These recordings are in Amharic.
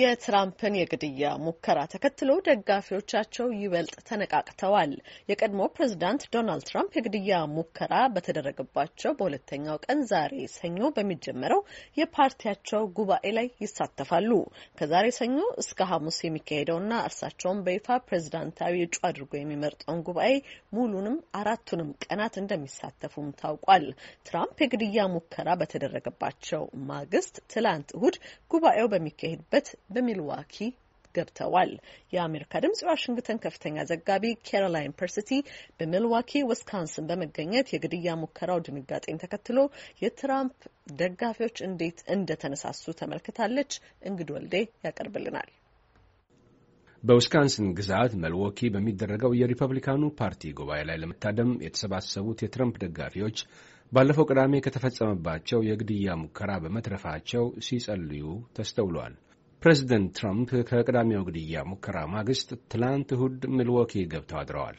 የትራምፕን የግድያ ሙከራ ተከትሎ ደጋፊዎቻቸው ይበልጥ ተነቃቅተዋል። የቀድሞ ፕሬዚዳንት ዶናልድ ትራምፕ የግድያ ሙከራ በተደረገባቸው በሁለተኛው ቀን ዛሬ ሰኞ በሚጀመረው የፓርቲያቸው ጉባኤ ላይ ይሳተፋሉ። ከዛሬ ሰኞ እስከ ሐሙስ የሚካሄደውና እርሳቸውን በይፋ ፕሬዚዳንታዊ እጩ አድርጎ የሚመርጠውን ጉባኤ ሙሉንም አራቱንም ቀናት እንደሚሳተፉም ታውቋል። ትራምፕ የግድያ ሙከራ በተደረገባቸው ማግስት ትላንት እሁድ ጉባኤው በሚካሄድበት በሚልዋኪ ገብተዋል። የአሜሪካ ድምጽ ዋሽንግተን ከፍተኛ ዘጋቢ ኬሮላይን ፐርስቲ በሚልዋኪ ዊስካንስን በመገኘት የግድያ ሙከራው ድንጋጤን ተከትሎ የትራምፕ ደጋፊዎች እንዴት እንደተነሳሱ ተመልክታለች። እንግድ ወልዴ ያቀርብልናል። በዊስካንስን ግዛት መልዎኪ በሚደረገው የሪፐብሊካኑ ፓርቲ ጉባኤ ላይ ለመታደም የተሰባሰቡት የትራምፕ ደጋፊዎች ባለፈው ቅዳሜ ከተፈጸመባቸው የግድያ ሙከራ በመትረፋቸው ሲጸልዩ ተስተውሏል። ፕሬዚደንት ትራምፕ ከቅዳሜው ግድያ ሙከራ ማግስት ትላንት እሁድ ሚልዎኪ ገብተው አድረዋል።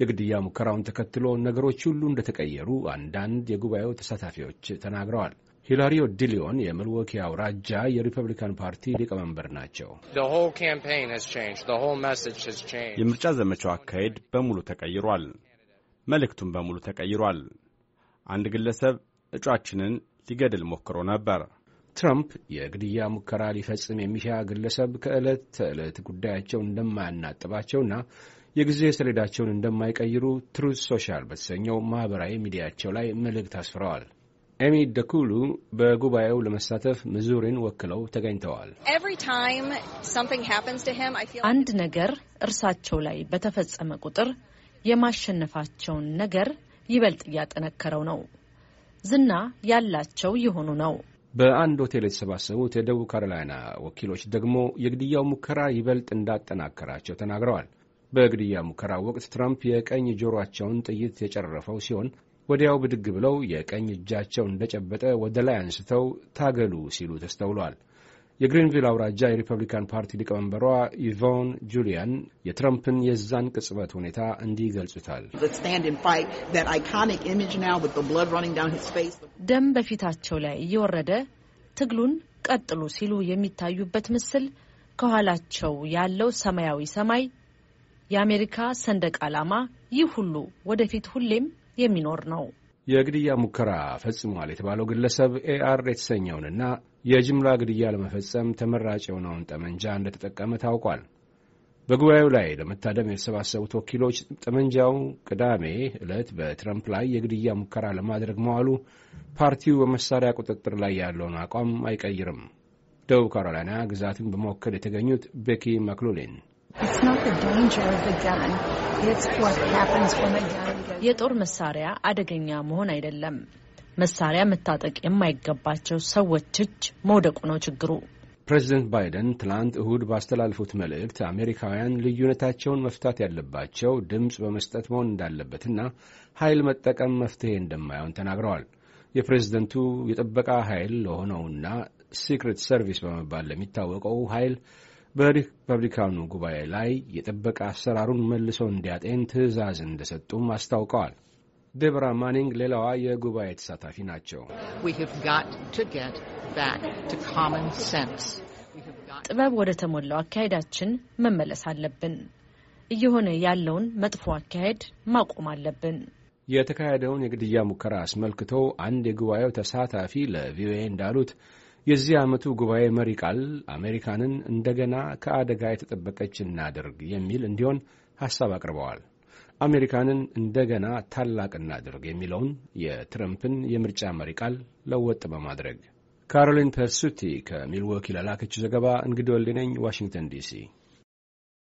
የግድያ ሙከራውን ተከትሎ ነገሮች ሁሉ እንደተቀየሩ አንዳንድ የጉባኤው ተሳታፊዎች ተናግረዋል። ሂላሪዮ ዲሊዮን የሚልዎኪ አውራጃ የሪፐብሊካን ፓርቲ ሊቀመንበር ናቸው። የምርጫ ዘመቻው አካሄድ በሙሉ ተቀይሯል። መልእክቱም በሙሉ ተቀይሯል። አንድ ግለሰብ እጩአችንን ሊገድል ሞክሮ ነበር። ትራምፕ የግድያ ሙከራ ሊፈጽም የሚሻ ግለሰብ ከዕለት ተዕለት ጉዳያቸው እንደማያናጥባቸውና የጊዜ ሰሌዳቸውን እንደማይቀይሩ ትሩዝ ሶሻል በተሰኘው ማኅበራዊ ሚዲያቸው ላይ መልእክት አስፍረዋል። ኤሚ ደኩሉ በጉባኤው ለመሳተፍ ምዙሪን ወክለው ተገኝተዋል። አንድ ነገር እርሳቸው ላይ በተፈጸመ ቁጥር የማሸነፋቸውን ነገር ይበልጥ እያጠነከረው ነው። ዝና ያላቸው የሆኑ ነው። በአንድ ሆቴል የተሰባሰቡት የደቡብ ካሮላይና ወኪሎች ደግሞ የግድያው ሙከራ ይበልጥ እንዳጠናከራቸው ተናግረዋል። በግድያ ሙከራ ወቅት ትራምፕ የቀኝ ጆሮአቸውን ጥይት የጨረፈው ሲሆን ወዲያው ብድግ ብለው የቀኝ እጃቸው እንደጨበጠ ወደ ላይ አንስተው ታገሉ ሲሉ ተስተውሏል። የግሪንቪል አውራጃ የሪፐብሊካን ፓርቲ ሊቀመንበሯ ኢቮን ጁሊያን የትረምፕን የዛን ቅጽበት ሁኔታ እንዲህ ይገልጹታል። ደም በፊታቸው ላይ እየወረደ ትግሉን ቀጥሉ ሲሉ የሚታዩበት ምስል፣ ከኋላቸው ያለው ሰማያዊ ሰማይ፣ የአሜሪካ ሰንደቅ ዓላማ፣ ይህ ሁሉ ወደፊት ሁሌም የሚኖር ነው። የግድያ ሙከራ ፈጽሟል የተባለው ግለሰብ ኤአር የተሰኘውንና የጅምላ ግድያ ለመፈጸም ተመራጭ የሆነውን ጠመንጃ እንደተጠቀመ ታውቋል። በጉባኤው ላይ ለመታደም የተሰባሰቡት ወኪሎች ጠመንጃው ቅዳሜ ዕለት በትረምፕ ላይ የግድያ ሙከራ ለማድረግ መዋሉ ፓርቲው በመሳሪያ ቁጥጥር ላይ ያለውን አቋም አይቀይርም። ደቡብ ካሮላይና ግዛትን በመወከል የተገኙት ቤኪ ማክሎሊን የጦር መሳሪያ አደገኛ መሆን አይደለም። መሳሪያ መታጠቅ የማይገባቸው ሰዎች እጅ መውደቁ ነው ችግሩ። ፕሬዚደንት ባይደን ትናንት እሁድ ባስተላለፉት መልእክት አሜሪካውያን ልዩነታቸውን መፍታት ያለባቸው ድምፅ በመስጠት መሆን እንዳለበትና ኃይል መጠቀም መፍትሄ እንደማይሆን ተናግረዋል። የፕሬዝደንቱ የጥበቃ ኃይል ለሆነውና ሲክሬት ሰርቪስ በመባል ለሚታወቀው ኃይል በሪፐብሊካኑ ጉባኤ ላይ የጥበቃ አሰራሩን መልሶ እንዲያጤን ትዕዛዝ እንደሰጡም አስታውቀዋል። ዴቦራ ማኒንግ ሌላዋ የጉባኤ ተሳታፊ ናቸው። ጥበብ ወደ ተሞላው አካሄዳችን መመለስ አለብን። እየሆነ ያለውን መጥፎ አካሄድ ማቆም አለብን። የተካሄደውን የግድያ ሙከራ አስመልክቶ አንድ የጉባኤው ተሳታፊ ለቪኦኤ እንዳሉት የዚህ ዓመቱ ጉባኤ መሪ ቃል አሜሪካንን እንደገና ከአደጋ የተጠበቀች እናድርግ የሚል እንዲሆን ሐሳብ አቅርበዋል። አሜሪካንን እንደገና ታላቅ እናድርግ የሚለውን የትረምፕን የምርጫ መሪ ቃል ለወጥ በማድረግ ካሮሊን ፐርሱቲ ከሚልዎኪ ለላከችው ዘገባ እንግዲህ ዋሽንግተን ዲሲ